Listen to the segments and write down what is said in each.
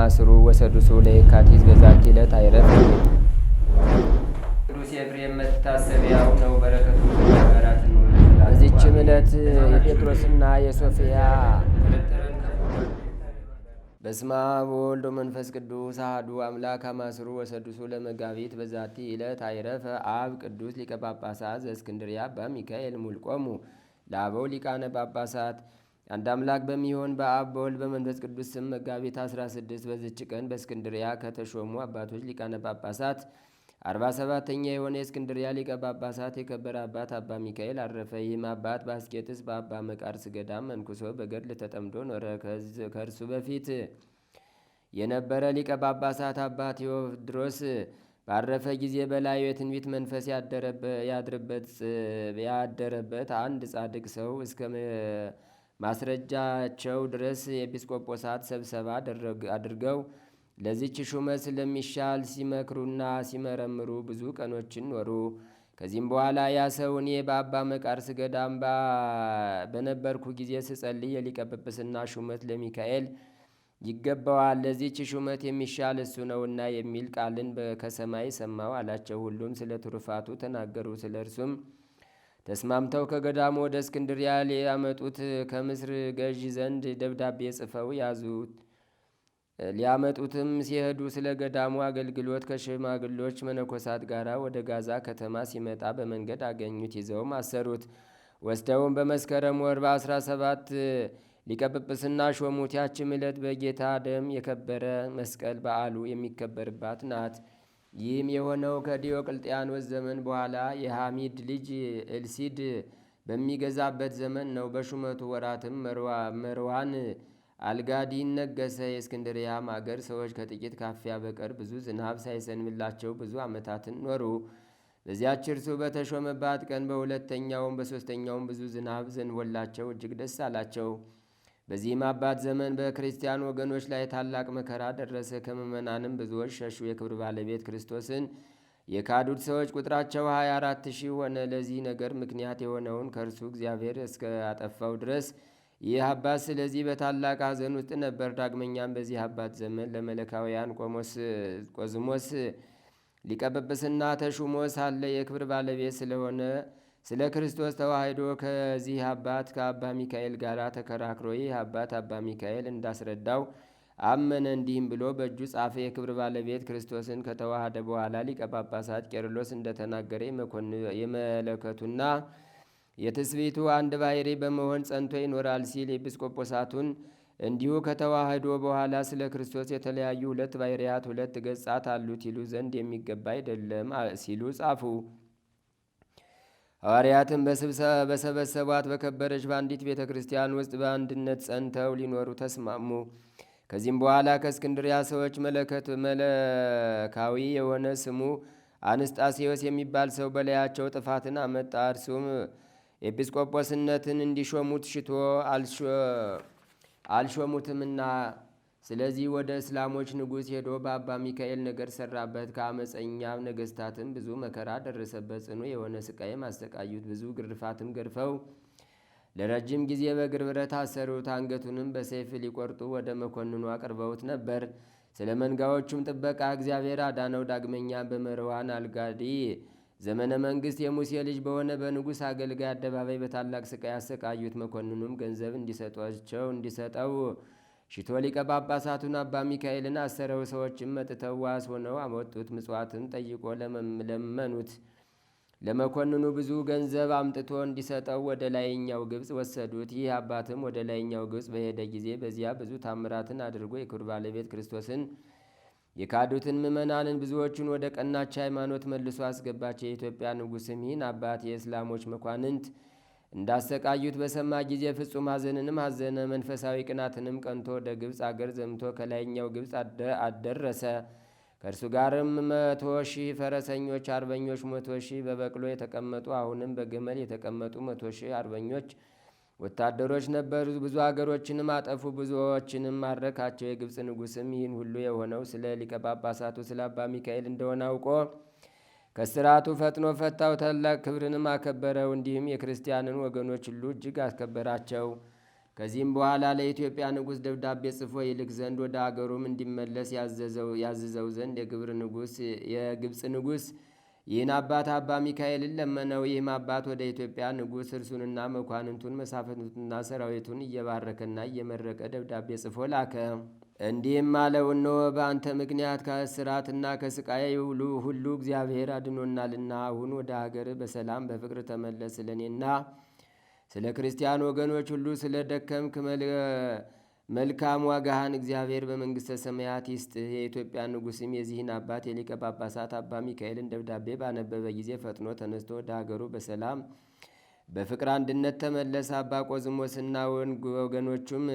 ማስሩ ወሰዱሱ ለየካቲት በዛቲ ዕለት አይረፍ። ቅዱስ ኤፍሬም መታሰቢያው ነው። በረከቱ በዚችም ዕለት የጴጥሮስና የሶፊያ በስመ አብ ወወልድ ወመንፈስ ቅዱስ አሐዱ አምላክ አማስሩ ወሰዱሱ ለመጋቢት በዛቲ ዕለት አይረፈ አብ ቅዱስ ሊቀ ጳጳሳት ዘእስክንድርያ አባ ሚካኤል ሙልቆሙ ለአበው ሊቃነ ጳጳሳት አንድ አምላክ በሚሆን በአብ በወልድ በመንፈስ ቅዱስ ስም መጋቢት 16 በዝች ቀን በእስክንድሪያ ከተሾሙ አባቶች ሊቃነ ጳጳሳት 47ተኛ የሆነ የእስክንድሪያ ሊቀ ጳጳሳት የከበረ አባት አባ ሚካኤል አረፈ። ይህም አባት በአስቄጥስ በአባ መቃርስ ገዳም መንኩሶ በገድል ተጠምዶ ኖረ። ከእርሱ በፊት የነበረ ሊቀ ጳጳሳት አባ ቴዎድሮስ ባረፈ ጊዜ በላዩ የትንቢት መንፈስ ያደረበት አንድ ጻድቅ ሰው እስከ ማስረጃቸው ድረስ የኤጲስቆጶሳት ስብሰባ አድርገው ለዚች ሹመት ስለሚሻል ሲመክሩና ሲመረምሩ ብዙ ቀኖችን ኖሩ። ከዚህም በኋላ ያ ሰው እኔ በአባ መቃርስ ገዳም በነበርኩ ጊዜ ስጸልይ የሊቀ ጵጵስና ሹመት ለሚካኤል ይገባዋል፣ ለዚች ሹመት የሚሻል እሱ ነውና የሚል ቃልን ከሰማይ ሰማው አላቸው። ሁሉም ስለ ትሩፋቱ ተናገሩ። ስለ እርሱም ተስማምተው ከገዳሙ ወደ እስክንድርያ ሊያመጡት ከምስር ገዢ ዘንድ ደብዳቤ ጽፈው ያዙት። ሊያመጡትም ሲሄዱ ስለ ገዳሙ አገልግሎት ከሽማግሎች መነኮሳት ጋር ወደ ጋዛ ከተማ ሲመጣ በመንገድ አገኙት። ይዘውም አሰሩት። ወስደውም በመስከረም ወር በአስራ ሰባት ሊቀጵጵስና ሾሙት። ያችም ዕለት በጌታ ደም የከበረ መስቀል በዓሉ የሚከበርባት ናት። ይህም የሆነው ከዲዮቅልጥያኖስ ዘመን በኋላ የሐሚድ ልጅ ኤልሲድ በሚገዛበት ዘመን ነው። በሹመቱ ወራትም መርዋን አልጋዲን ነገሰ። የእስክንድርያም አገር ሰዎች ከጥቂት ካፊያ በቀር ብዙ ዝናብ ሳይዘንብላቸው ብዙ ዓመታትን ኖሩ። በዚያች እርሱ በተሾመባት ቀን በሁለተኛውም በሦስተኛውም ብዙ ዝናብ ዘንቦላቸው እጅግ ደስ አላቸው። በዚህም አባት ዘመን በክርስቲያን ወገኖች ላይ ታላቅ መከራ ደረሰ። ከምእመናንም ብዙዎች ሸሹ። የክብር ባለቤት ክርስቶስን የካዱት ሰዎች ቁጥራቸው 24 አራት ሺህ ሆነ። ለዚህ ነገር ምክንያት የሆነውን ከእርሱ እግዚአብሔር እስከ አጠፋው ድረስ ይህ አባት ስለዚህ በታላቅ ሐዘን ውስጥ ነበር። ዳግመኛም በዚህ አባት ዘመን ለመለካውያን ቆዝሞስ ሊቀ ጵጵስና ተሹሞ ሳለ የክብር ባለቤት ስለሆነ ስለ ክርስቶስ ተዋህዶ ከዚህ አባት ከአባ ሚካኤል ጋር ተከራክሮ ይህ አባት አባ ሚካኤል እንዳስረዳው አመነ። እንዲህም ብሎ በእጁ ጻፈ። የክብር ባለቤት ክርስቶስን ከተዋሃደ በኋላ ሊቀ ጳጳሳት ቄርሎስ እንደተናገረ የመለከቱና የትስቢቱ አንድ ባሕርይ በመሆን ጸንቶ ይኖራል ሲል ኤጲስቆጶሳቱን እንዲሁ ከተዋህዶ በኋላ ስለ ክርስቶስ የተለያዩ ሁለት ባይሪያት ሁለት ገጻት አሉት ይሉ ዘንድ የሚገባ አይደለም ሲሉ ጻፉ። ሐዋርያትም በሰበሰቧት በከበረች በአንዲት ቤተ ክርስቲያን ውስጥ በአንድነት ጸንተው ሊኖሩ ተስማሙ። ከዚህም በኋላ ከእስክንድሪያ ሰዎች መለከት መለካዊ የሆነ ስሙ አንስጣሴዎስ የሚባል ሰው በላያቸው ጥፋትን አመጣ። እርሱም ኤጲስቆጶስነትን እንዲሾሙት ሽቶ አልሾሙትምና ስለዚህ ወደ እስላሞች ንጉሥ ሄዶ በአባ ሚካኤል ነገር ሰራበት። ከአመፀኛ ነገሥታትም ብዙ መከራ ደረሰበት። ጽኑ የሆነ ስቃይም አሰቃዩት። ብዙ ግርፋትም ገርፈው ለረጅም ጊዜ በእግር ብረት አሰሩት። አንገቱንም በሰይፍ ሊቆርጡ ወደ መኮንኑ አቅርበውት ነበር። ስለ መንጋዎቹም ጥበቃ እግዚአብሔር አዳነው። ዳግመኛ በመርዋን አልጋዲ ዘመነ መንግስት የሙሴ ልጅ በሆነ በንጉሥ አገልጋይ አደባባይ በታላቅ ስቃይ አሰቃዩት። መኮንኑም ገንዘብ እንዲሰጧቸው እንዲሰጠው ሽቶ ሊቀ ጳጳሳቱን አባ ሚካኤልን አሰረው። ሰዎችም መጥተው ዋስ ሆነው አመጡት። ምጽዋትም ጠይቆ ለመኑት። ለመኮንኑ ብዙ ገንዘብ አምጥቶ እንዲሰጠው ወደ ላይኛው ግብፅ ወሰዱት። ይህ አባትም ወደ ላይኛው ግብፅ በሄደ ጊዜ በዚያ ብዙ ታምራትን አድርጎ የክብር ባለቤት ክርስቶስን የካዱትን ምእመናንን ብዙዎቹን ወደ ቀናች ሃይማኖት መልሶ አስገባቸው። የኢትዮጵያ ንጉሥም ይህን አባት የእስላሞች መኳንንት እንዳሰቃዩት በሰማ ጊዜ ፍጹም ሐዘንንም አዘነ። መንፈሳዊ ቅናትንም ቀንቶ ወደ ግብፅ አገር ዘምቶ ከላይኛው ግብፅ አደረሰ። ከእርሱ ጋርም መቶ ሺህ ፈረሰኞች አርበኞች፣ መቶ ሺህ በበቅሎ የተቀመጡ አሁንም በግመል የተቀመጡ መቶ ሺህ አርበኞች ወታደሮች ነበሩ። ብዙ አገሮችንም አጠፉ፣ ብዙዎችንም ማረካቸው። የግብፅ ንጉሥም ይህን ሁሉ የሆነው ስለ ሊቀ ጳጳሳቱ ስለ አባ ሚካኤል እንደሆነ አውቆ ከስርዓቱ ፈጥኖ ፈታው፣ ታላቅ ክብርንም አከበረው። እንዲህም የክርስቲያንን ወገኖች ሁሉ እጅግ አስከበራቸው። ከዚህም በኋላ ለኢትዮጵያ ንጉሥ ደብዳቤ ጽፎ ይልክ ዘንድ ወደ አገሩም እንዲመለስ ያዝዘው ዘንድ የግብፅ ንጉሥ ይህን አባት አባ ሚካኤልን ለመነው። ይህም አባት ወደ ኢትዮጵያ ንጉሥ እርሱንና መኳንንቱን መሳፍንቱንና ሰራዊቱን እየባረከና እየመረቀ ደብዳቤ ጽፎ ላከ። እንዲህም አለው፣ እነሆ በአንተ ምክንያት ከእስራትና ከስቃይ ሁሉ ሁሉ እግዚአብሔር አድኖናልና አሁን ወደ ሀገር በሰላም በፍቅር ተመለስ። ስለ እኔና ስለ ክርስቲያን ወገኖች ሁሉ ስለ ደከምክ መልካም ዋጋህን እግዚአብሔር በመንግሥተ ሰማያት ይስጥህ። የኢትዮጵያ ንጉሥም የዚህን አባት የሊቀ ጳጳሳት አባ ሚካኤልን ደብዳቤ ባነበበ ጊዜ ፈጥኖ ተነስቶ ወደ ሀገሩ በሰላም በፍቅር አንድነት ተመለሰ። አባ ቆዝሞስና ወገኖቹም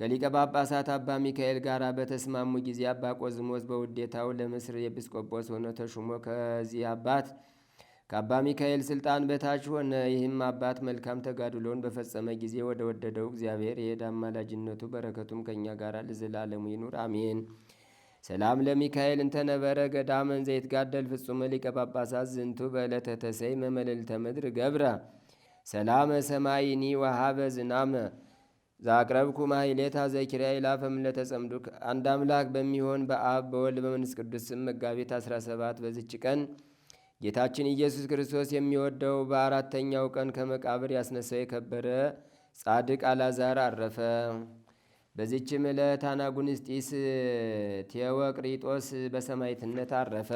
ከሊቀ ጳጳሳት አባ ሚካኤል ጋር በተስማሙ ጊዜ አባ ቆዝሞስ በውዴታው ለምስር ኤጲስቆጶስ ሆነ ተሹሞ ከዚህ አባት ከአባ ሚካኤል ስልጣን በታች ሆነ። ይህም አባት መልካም ተጋድሎውን በፈጸመ ጊዜ ወደ ወደደው እግዚአብሔር የሄደ አማላጅነቱ በረከቱም ከእኛ ጋር ለዘላለሙ ይኑር አሜን። ሰላም ለሚካኤል እንተነበረ ገዳመን ጋደል ፍጹመ ሊቀ ጳጳሳት ዝንቱ በዕለተ ተሰይ ምድር ገብረ ሰላመ ሰማይኒ ወሃበ ዝናመ ዛቅረብኩ ማሕሌታ ዘኪርያ ይላፈም ለተጸምዱክ አንድ አምላክ በሚሆን በአብ በወልድ በመንፈስ ቅዱስ ስም መጋቢት 17 በዚች ቀን ጌታችን ኢየሱስ ክርስቶስ የሚወደው በአራተኛው ቀን ከመቃብር ያስነሳው የከበረ ጻድቅ አላዛር አረፈ። በዚችም ዕለት አናጉንስጢስ ቴዎቅሪጦስ በሰማዕትነት አረፈ።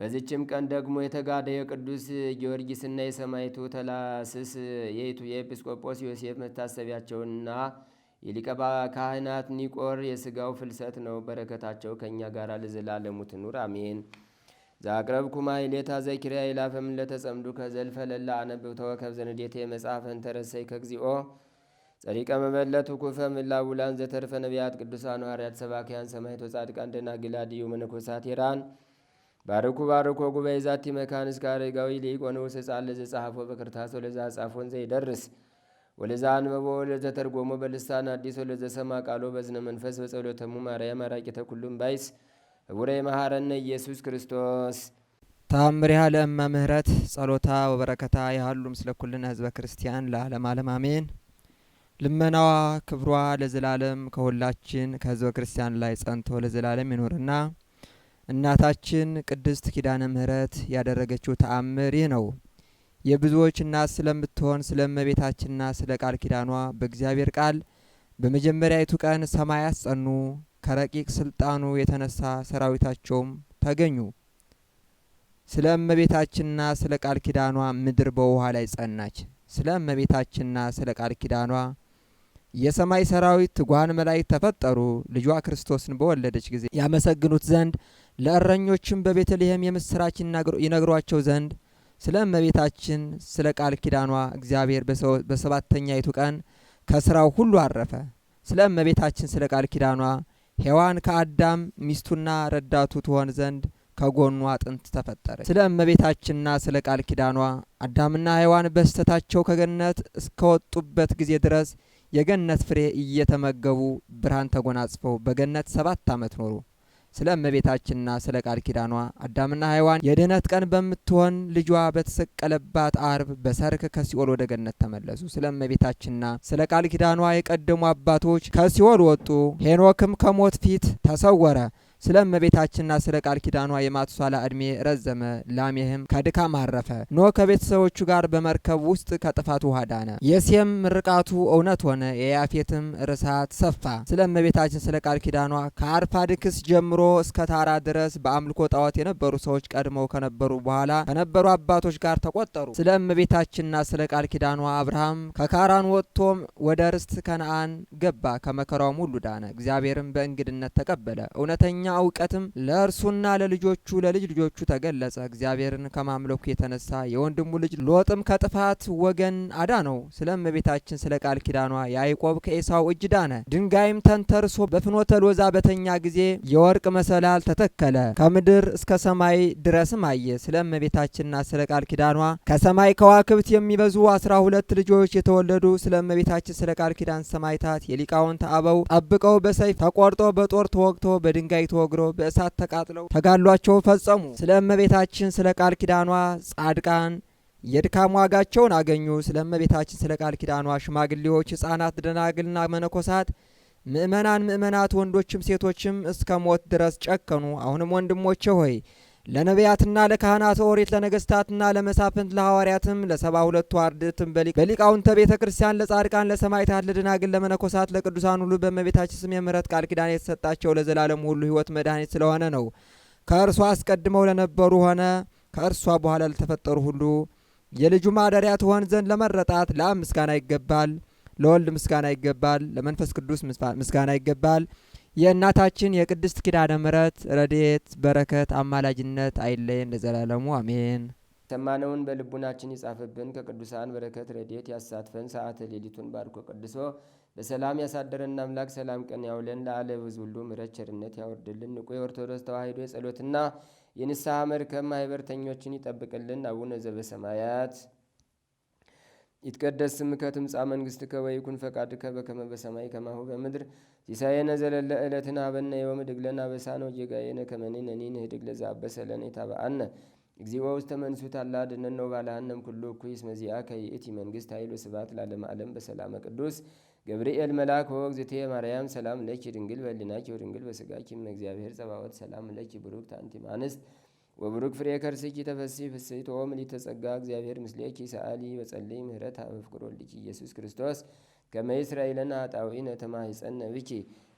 በዚችም ቀን ደግሞ የተጋደ የቅዱስ ጊዮርጊስና የሰማይቱ ተላስስ የይቱ የኤጲስቆጶስ ዮሴፍ መታሰቢያቸውና የሊቀ ካህናት ኒቆር የስጋው ፍልሰት ነው። በረከታቸው ከእኛ ጋር ለዘላለሙ ትኑር አሜን። ዛቅረብ ኩማ ማሕሌታ ዘኪርያ ይላፈም ለተጸምዱ ከዘልፈ ለላ አነብብ ተወከብ ዘንዴቴ መጽሐፈን ተረሰይ ከግዚኦ ጸሪቀ መበለት ኩፈ ምላውላን ዘተርፈ ነቢያት ቅዱሳን ሐዋርያት ሰባኪያን ሰማይቶ ጻድቃን ደናግል አድዩ መነኮሳት ሄራን ባርኩ ባርኮ ጉባኤ ዛቲ መካን እስከ አረጋዊ ሊቅ ወንዑስ ሕፃን ለዘጸሐፎ በክርታስ ወለዛ ጻፎን ዘይደርስ ወለዛ አንበቦ ወለዘ ተርጎሞ በልሳን አዲስ ወለዘ ሰማ ቃሎ በዝነ መንፈስ በጸሎተሙ ማርያም አራቂተ ተኩሉም ባይስ ህቡረ መሐረነ ኢየሱስ ክርስቶስ ተአምሪሃ ለእመ ምህረት ጸሎታ ወበረከታ ያህሉ ምስለ ኩልነ ህዝበ ክርስቲያን ለዓለም ዓለም አሜን። ልመናዋ ክብሯ ለዘላለም ከሁላችን ከህዝበ ክርስቲያን ላይ ጸንቶ ለዘላለም ይኖርና እናታችን ቅድስት ኪዳነ ምሕረት ያደረገችው ተአምር ይህ ነው። የብዙዎች እናት ስለምትሆን ስለ እመቤታችንና ስለ ቃል ኪዳኗ በእግዚአብሔር ቃል በመጀመሪያዊቱ ቀን ሰማያት ጸኑ፣ ከረቂቅ ስልጣኑ የተነሳ ሰራዊታቸውም ተገኙ። ስለ እመቤታችንና ስለ ቃል ኪዳኗ ምድር በውሃ ላይ ጸናች። ስለ እመቤታችንና ስለ ቃል ኪዳኗ የሰማይ ሰራዊት ትጓን መላእክት ተፈጠሩ። ልጇ ክርስቶስን በወለደች ጊዜ ያመሰግኑት ዘንድ ለእረኞችም በቤተልሔም የምሥራች ይነግሯቸው ዘንድ ስለ እመቤታችን ስለ ቃል ኪዳኗ እግዚአብሔር በሰባተኛይቱ ቀን ከስራው ሁሉ አረፈ። ስለ እመቤታችን ስለ ቃል ኪዳኗ ሔዋን ከአዳም ሚስቱና ረዳቱ ትሆን ዘንድ ከጎኑ አጥንት ተፈጠረ። ስለ እመቤታችንና ስለ ቃል ኪዳኗ አዳምና ሔዋን በስተታቸው ከገነት እስከወጡበት ጊዜ ድረስ የገነት ፍሬ እየተመገቡ ብርሃን ተጎናጽፈው በገነት ሰባት ዓመት ኖሩ። ስለ እመቤታችንና ስለ ቃል ኪዳኗ አዳምና ሀይዋን የድህነት ቀን በምትሆን ልጇ በተሰቀለባት አርብ በሰርክ ከሲኦል ወደ ገነት ተመለሱ። ስለ እመቤታችንና ስለ ቃል ኪዳኗ የቀደሙ አባቶች ከሲኦል ወጡ። ሄኖክም ከሞት ፊት ተሰወረ። ስለ እመቤታችንና ስለ ቃል ኪዳኗ የማቱሳላ እድሜ ረዘመ፣ ላሜህም ከድካም አረፈ። ኖ ከቤተሰቦቹ ጋር በመርከብ ውስጥ ከጥፋት ውሃ ዳነ። የሴም ምርቃቱ እውነት ሆነ፣ የያፌትም ርሳት ሰፋ። ስለ እመቤታችን ስለ ቃል ኪዳኗ ከአርፋድክስ ጀምሮ እስከ ታራ ድረስ በአምልኮ ጣዖት የነበሩ ሰዎች ቀድመው ከነበሩ በኋላ ከነበሩ አባቶች ጋር ተቆጠሩ። ስለ እመቤታችንና ስለ ቃል ኪዳኗ አብርሃም ከካራን ወጥቶም ወደ ርስት ከነአን ገባ፣ ከመከራውም ሁሉ ዳነ። እግዚአብሔርም በእንግድነት ተቀበለ። እውነተኛ እውቀትም ለእርሱና ለልጆቹ ለልጅ ልጆቹ ተገለጸ። እግዚአብሔርን ከማምለኩ የተነሳ የወንድሙ ልጅ ሎጥም ከጥፋት ወገን አዳ ስለ እመቤታችን ስለ ቃል ኪዳኗ ያዕቆብ ከኤሳው እጅ ዳነ። ድንጋይም ተንተርሶ በፍኖተ ሎዛ በተኛ ጊዜ የወርቅ መሰላል ተተከለ። ከምድር እስከ ሰማይ ድረስም አየ። ስለ እመቤታችንና ስለ ቃል ኪዳኗ ከሰማይ ከዋክብት የሚበዙ አስራ ሁለት ልጆች የተወለዱ ስለ እመቤታችን ስለ ቃል ኪዳን ሰማይታት የሊቃውንት አበው ጠብቀው በሰይፍ ተቆርጦ በጦር ተወግቶ በድንጋይ ተወግረው በእሳት ተቃጥለው ተጋድሏቸው ፈጸሙ። ስለ እመቤታችን ስለ ቃል ኪዳኗ ጻድቃን የድካም ዋጋቸውን አገኙ። ስለ እመቤታችን ስለ ቃል ኪዳኗ ሽማግሌዎች፣ ሕፃናት፣ ደናግልና መነኮሳት ምእመናን ምእመናት ወንዶችም ሴቶችም እስከ ሞት ድረስ ጨከኑ። አሁንም ወንድሞቼ ሆይ ለነቢያትና ለካህናት ኦሪት ለነገስታትና ለመሳፍንት ለሐዋርያትም ለሰባ ሁለቱ አርድእትም በሊቃውንተ ቤተ ክርስቲያን ለጻድቃን ለሰማዕታት ለደናግል ለመነኮሳት ለቅዱሳን ሁሉ በእመቤታችን ስም የምሕረት ቃል ኪዳን የተሰጣቸው ለዘላለም ሁሉ ሕይወት መድኃኒት ስለሆነ ነው። ከእርሷ አስቀድመው ለነበሩ ሆነ ከእርሷ በኋላ ለተፈጠሩ ሁሉ የልጁ ማደሪያ ትሆን ዘንድ ለመረጣት ለአብ ምስጋና ይገባል፣ ለወልድ ምስጋና ይገባል፣ ለመንፈስ ቅዱስ ምስጋና ይገባል። የእናታችን የቅድስት ኪዳነ ምሕረት ረድኤት በረከት አማላጅነት አይለየን ለዘላለሙ አሜን። ተማነውን በልቡናችን ይጻፍብን፣ ከቅዱሳን በረከት ረድኤት ያሳትፈን። ሰዓተ ሌሊቱን ባርኮ ቀድሶ በሰላም ያሳደረን አምላክ ሰላም ቀን ያውለን። ለዓለም ብዙ ሁሉ ምሕረት ቸርነት ያወርድልን። ንቁ የኦርቶዶክስ ተዋሕዶ የጸሎትና የንስሐ መርከብ ማህበርተኞችን ይጠብቅልን። አቡነ ዘበሰማያት ይትቀደስ ስምከ ትምጻእ መንግሥትከ ወይኩን ፈቃድከ በከመ በሰማይ ከማሁ በምድር ሲሳየነ ዘለለ ዕለትነ ሀበነ ዮም ህድግ ለነ አበሳነ ወጌጋየነ ከመ ንሕነኒ ንህድግ ለዘአበሰ ለነ ኢታብአነ እግዚኦ ውስተ መንሱት አላ ድነኖ ባልሃነም ኩሉ እኩይ እስመ ከይእቲ ይእቲ መንግሥት ኃይሉ ስብሐት ለዓለመ ዓለም በሰላመ ቅዱስ ገብርኤል መልአክ ሆ እግዝእትየ ማርያም ሰላም ለኪ ድንግል በኅሊናኪ ወድንግል በሥጋኪ እም እግዚአብሔር ጸባዖት ሰላም ለኪ ብሩክት አንቲ እምአንስት ወብሩክ ፍሬ ከርስኪ ተፈሲ ፍስሕቶ ምልዕተ ጸጋ እግዚአብሔር ምስሌኪ ሰአሊ በጸልይ ምህረት በፍቅሮልኪ ኢየሱስ ክርስቶስ ከመ ይስራኤለነ ኃጣውኢነ ተማኅፀነ ብኪ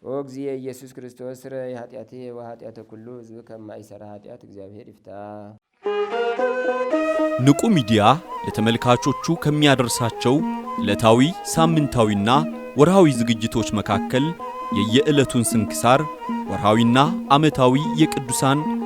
ኦ እግዚእ ኢየሱስ ክርስቶስ ስረይ ኃጢአትየ ወኃጢአተ ኩሉ ህዝብ ከማይሰራ ኃጢአት እግዚአብሔር ይፍታ። ንቁ ሚዲያ ለተመልካቾቹ ከሚያደርሳቸው ዕለታዊ ሳምንታዊና ወርሃዊ ዝግጅቶች መካከል የየዕለቱን ስንክሳር ወርሃዊና ዓመታዊ የቅዱሳን